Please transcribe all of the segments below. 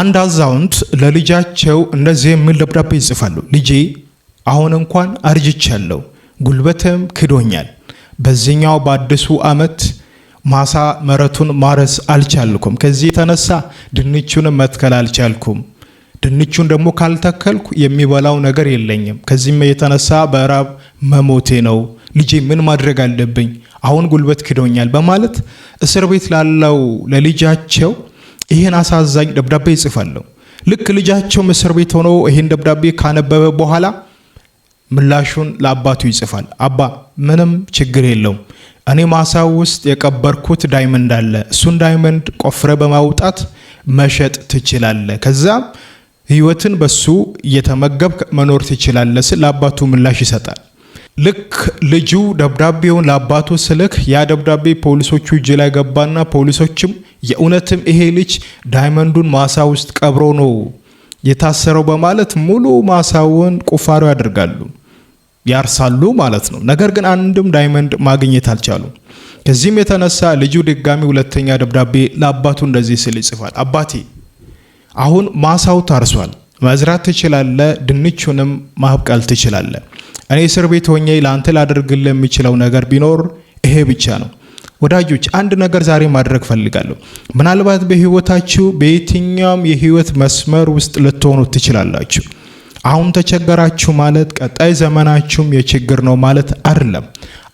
አንድ አዛውንት ለልጃቸው እንደዚህ የሚል ደብዳቤ ይጽፋሉ። ልጄ አሁን እንኳን አርጅቻለሁ፣ ጉልበትም ክዶኛል። በዚህኛው በአዲሱ ዓመት ማሳ መሬቱን ማረስ አልቻልኩም። ከዚህ የተነሳ ድንቹን መትከል አልቻልኩም። ድንቹን ደግሞ ካልተከልኩ የሚበላው ነገር የለኝም። ከዚህም የተነሳ በእራብ መሞቴ ነው። ልጄ ምን ማድረግ አለብኝ? አሁን ጉልበት ክዶኛል በማለት እስር ቤት ላለው ለልጃቸው ይህን አሳዛኝ ደብዳቤ ይጽፋለሁ። ልክ ልጃቸው እስር ቤት ሆኖ ይህን ደብዳቤ ካነበበ በኋላ ምላሹን ለአባቱ ይጽፋል። አባ ምንም ችግር የለውም እኔ ማሳ ውስጥ የቀበርኩት ዳይመንድ አለ። እሱን ዳይመንድ ቆፍረ በማውጣት መሸጥ ትችላለ። ከዛ ህይወትን በሱ እየተመገብ መኖር ትችላለ ስል ለአባቱ ምላሽ ይሰጣል። ልክ ልጁ ደብዳቤውን ለአባቱ ስልክ ያ ደብዳቤ ፖሊሶቹ እጅ ላይ ገባና ፖሊሶችም የእውነትም ይሄ ልጅ ዳይመንዱን ማሳ ውስጥ ቀብሮ ነው የታሰረው በማለት ሙሉ ማሳውን ቁፋሮ ያደርጋሉ፣ ያርሳሉ ማለት ነው። ነገር ግን አንድም ዳይመንድ ማግኘት አልቻሉም። ከዚህም የተነሳ ልጁ ድጋሚ ሁለተኛ ደብዳቤ ለአባቱ እንደዚህ ስል ይጽፋል። አባቴ አሁን ማሳው ታርሷል፣ መዝራት ትችላለ፣ ድንቹንም ማብቀል ትችላለ እኔ እስር ቤት ሆኜ ለአንተ ላደርግልህ የሚችለው ነገር ቢኖር ይሄ ብቻ ነው። ወዳጆች አንድ ነገር ዛሬ ማድረግ ፈልጋለሁ። ምናልባት በህይወታችሁ በየትኛውም የህይወት መስመር ውስጥ ልትሆኑ ትችላላችሁ። አሁን ተቸገራችሁ ማለት ቀጣይ ዘመናችሁም የችግር ነው ማለት አይደለም።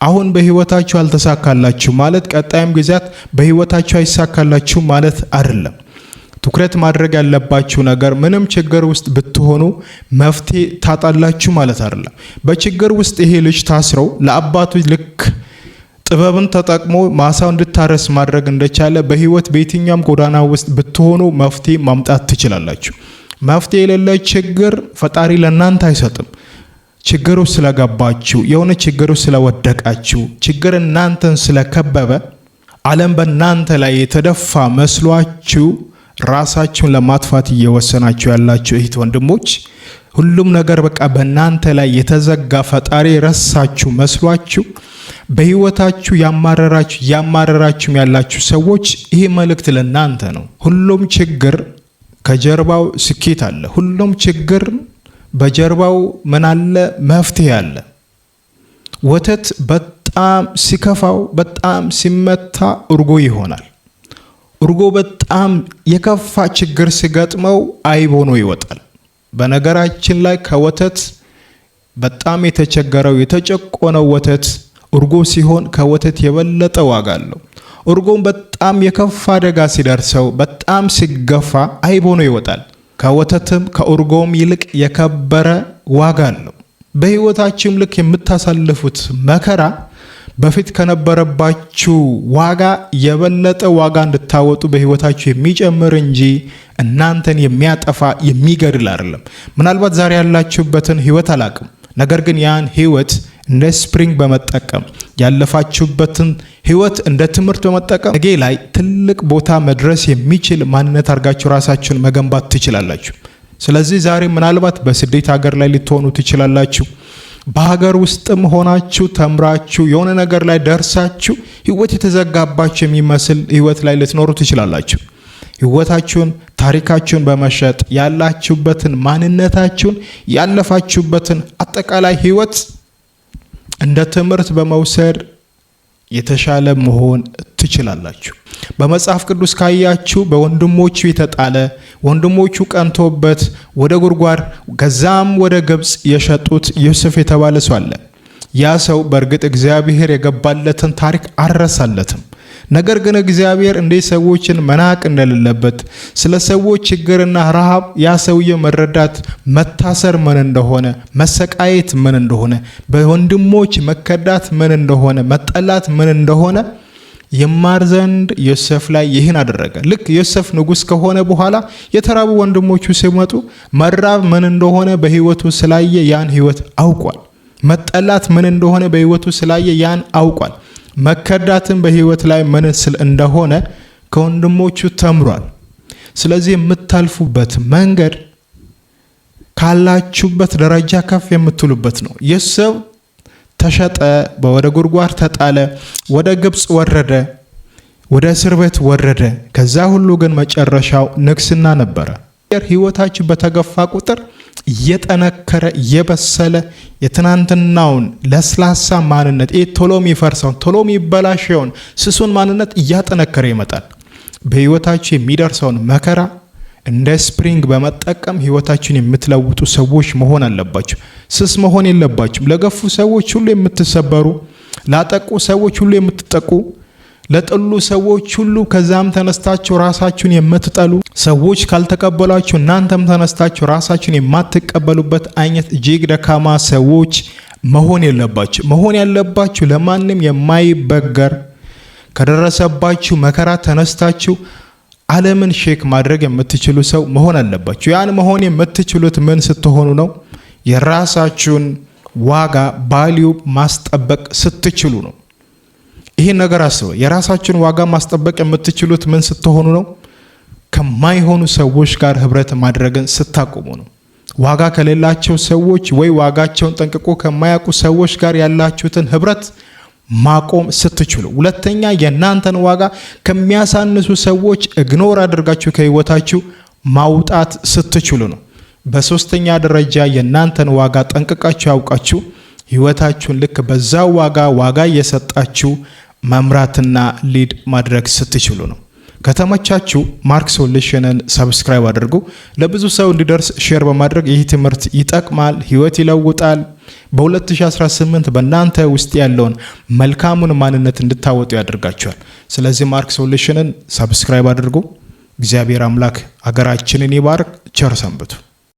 አሁን በህይወታችሁ አልተሳካላችሁ ማለት ቀጣይም ጊዜያት በህይወታችሁ አይሳካላችሁ ማለት አይደለም። ትኩረት ማድረግ ያለባችሁ ነገር ምንም ችግር ውስጥ ብትሆኑ መፍትሄ ታጣላችሁ ማለት አይደለም። በችግር ውስጥ ይሄ ልጅ ታስረው ለአባቱ ልክ ጥበብን ተጠቅሞ ማሳው እንድታረስ ማድረግ እንደቻለ በህይወት በየትኛውም ጎዳና ውስጥ ብትሆኑ መፍትሄ ማምጣት ትችላላችሁ። መፍትሄ የሌለ ችግር ፈጣሪ ለእናንተ አይሰጥም። ችግሩ ስለገባችሁ የሆነ ችግሩ ስለወደቃችሁ ችግር እናንተን ስለከበበ ዓለም በእናንተ ላይ የተደፋ መስሏችሁ ራሳችሁን ለማጥፋት እየወሰናችሁ ያላችሁ እህት ወንድሞች፣ ሁሉም ነገር በቃ በእናንተ ላይ የተዘጋ ፈጣሪ ረሳችሁ መስሏችሁ በህይወታችሁ ያማረራችሁ ያማረራችሁም ያላችሁ ሰዎች ይህ መልእክት ለእናንተ ነው። ሁሉም ችግር ከጀርባው ስኬት አለ። ሁሉም ችግር በጀርባው ምን አለ? መፍትሄ አለ። ወተት በጣም ሲከፋው፣ በጣም ሲመታ እርጎ ይሆናል። እርጎ በጣም የከፋ ችግር ሲገጥመው አይብ ሆኖ ይወጣል። በነገራችን ላይ ከወተት በጣም የተቸገረው የተጨቆነው ወተት እርጎ ሲሆን ከወተት የበለጠ ዋጋ አለው። እርጎም በጣም የከፋ አደጋ ሲደርሰው በጣም ሲገፋ አይብ ሆኖ ይወጣል። ከወተትም ከእርጎም ይልቅ የከበረ ዋጋ አለው። በሕይወታችሁም ልክ የምታሳልፉት መከራ በፊት ከነበረባችሁ ዋጋ የበለጠ ዋጋ እንድታወጡ በህይወታችሁ የሚጨምር እንጂ እናንተን የሚያጠፋ የሚገድል አይደለም። ምናልባት ዛሬ ያላችሁበትን ህይወት አላቅም፣ ነገር ግን ያን ህይወት እንደ ስፕሪንግ በመጠቀም ያለፋችሁበትን ህይወት እንደ ትምህርት በመጠቀም ነገ ላይ ትልቅ ቦታ መድረስ የሚችል ማንነት አድርጋችሁ ራሳችሁን መገንባት ትችላላችሁ። ስለዚህ ዛሬ ምናልባት በስደት ሀገር ላይ ልትሆኑ ትችላላችሁ። በሀገር ውስጥም ሆናችሁ ተምራችሁ የሆነ ነገር ላይ ደርሳችሁ ህይወት የተዘጋባችሁ የሚመስል ህይወት ላይ ልትኖሩ ትችላላችሁ። ህይወታችሁን፣ ታሪካችሁን በመሸጥ ያላችሁበትን ማንነታችሁን፣ ያለፋችሁበትን አጠቃላይ ህይወት እንደ ትምህርት በመውሰድ የተሻለ መሆን ትችላላችሁ። በመጽሐፍ ቅዱስ ካያችሁ በወንድሞቹ የተጣለ ወንድሞቹ ቀንቶበት ወደ ጉድጓድ ከዛም ወደ ግብፅ የሸጡት ዮሴፍ የተባለ ሰው አለ። ያ ሰው በእርግጥ እግዚአብሔር የገባለትን ታሪክ አረሳለትም። ነገር ግን እግዚአብሔር እንዴት ሰዎችን መናቅ እንደሌለበት ስለ ሰዎች ችግርና ረሃብ ያ ሰውዬ መረዳት፣ መታሰር ምን እንደሆነ፣ መሰቃየት ምን እንደሆነ፣ በወንድሞች መከዳት ምን እንደሆነ፣ መጠላት ምን እንደሆነ የማር ዘንድ ዮሴፍ ላይ ይህን አደረገ። ልክ ዮሴፍ ንጉሥ ከሆነ በኋላ የተራቡ ወንድሞቹ ሲመጡ መራብ ምን እንደሆነ በሕይወቱ ስላየ ያን ሕይወት አውቋል። መጠላት ምን እንደሆነ በሕይወቱ ስላየ ያን አውቋል። መከዳትን በህይወት ላይ መነስል እንደሆነ ከወንድሞቹ ተምሯል። ስለዚህ የምታልፉበት መንገድ ካላችሁበት ደረጃ ከፍ የምትሉበት ነው። የሰው ተሸጠ፣ ወደ ጉድጓድ ተጣለ፣ ወደ ግብፅ ወረደ፣ ወደ እስር ቤት ወረደ። ከዛ ሁሉ ግን መጨረሻው ንግስና ነበረ። ህይወታችሁ በተገፋ ቁጥር እየጠነከረ እየበሰለ የትናንትናውን ለስላሳ ማንነት ይህ ቶሎ የሚፈርሰውን ቶሎ የሚበላሸውን ስሱን ማንነት እያጠነከረ ይመጣል። በህይወታችሁ የሚደርሰውን መከራ እንደ ስፕሪንግ በመጠቀም ህይወታችን የምትለውጡ ሰዎች መሆን አለባችሁ። ስስ መሆን የለባችሁም። ለገፉ ሰዎች ሁሉ የምትሰበሩ፣ ላጠቁ ሰዎች ሁሉ የምትጠቁ ለጠሉ ሰዎች ሁሉ ከዛም ተነስታችሁ ራሳችሁን የምትጠሉ ሰዎች ካልተቀበሏችሁ እናንተም ተነስታችሁ ራሳችሁን የማትቀበሉበት አይነት እጅግ ደካማ ሰዎች መሆን የለባችሁ። መሆን ያለባችሁ ለማንም የማይበገር ከደረሰባችሁ መከራ ተነስታችሁ ዓለምን ሼክ ማድረግ የምትችሉ ሰው መሆን አለባችሁ። ያን መሆን የምትችሉት ምን ስትሆኑ ነው? የራሳችሁን ዋጋ ባሊዩ ማስጠበቅ ስትችሉ ነው። ይህን ነገር አስበ የራሳችን ዋጋ ማስጠበቅ የምትችሉት ምን ስትሆኑ ነው? ከማይሆኑ ሰዎች ጋር ህብረት ማድረግን ስታቆሙ ነው። ዋጋ ከሌላቸው ሰዎች ወይ ዋጋቸውን ጠንቅቆ ከማያውቁ ሰዎች ጋር ያላችሁትን ህብረት ማቆም ስትችሉ፣ ሁለተኛ የእናንተን ዋጋ ከሚያሳንሱ ሰዎች እግኖር አድርጋችሁ ከህይወታችሁ ማውጣት ስትችሉ ነው። በሶስተኛ ደረጃ የእናንተን ዋጋ ጠንቅቃችሁ ያውቃችሁ ህይወታችሁን ልክ በዛ ዋጋ ዋጋ እየሰጣችሁ መምራትና ሊድ ማድረግ ስትችሉ ነው። ከተመቻችሁ ማርክ ሶሉሽንን ሰብስክራይብ አድርጉ። ለብዙ ሰው እንዲደርስ ሼር በማድረግ ይህ ትምህርት ይጠቅማል፣ ህይወት ይለውጣል። በ2018 በእናንተ ውስጥ ያለውን መልካሙን ማንነት እንድታወጡ ያደርጋቸዋል። ስለዚህ ማርክ ሶሉሽንን ሰብስክራይብ አድርጉ። እግዚአብሔር አምላክ አገራችንን ይባርክ። ቸር ሰንብቱ።